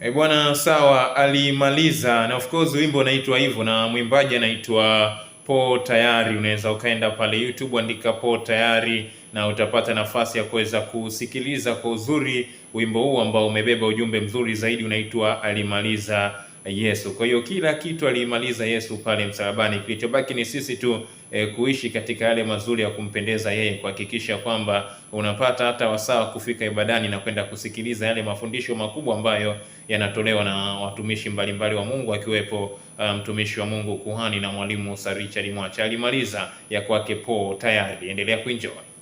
E bwana, sawa, alimaliza. Na of course wimbo unaitwa hivyo na mwimbaji anaitwa Po Tayari. Unaweza ukaenda pale YouTube andika Po Tayari na utapata nafasi ya kuweza kusikiliza kwa uzuri wimbo huu ambao umebeba ujumbe mzuri zaidi, unaitwa alimaliza. Yesu. Kwa hiyo kila kitu aliimaliza Yesu pale msalabani. Kilichobaki ni sisi tu e, kuishi katika yale mazuri ya kumpendeza yeye, kuhakikisha kwamba unapata hata wasaa kufika ibadani na kwenda kusikiliza yale mafundisho makubwa ambayo yanatolewa na watumishi mbalimbali wa Mungu, akiwepo ah, mtumishi um, wa Mungu kuhani na mwalimu Sir Richard Mwacha. Alimaliza ya kwake po tayari, endelea kuenjoy.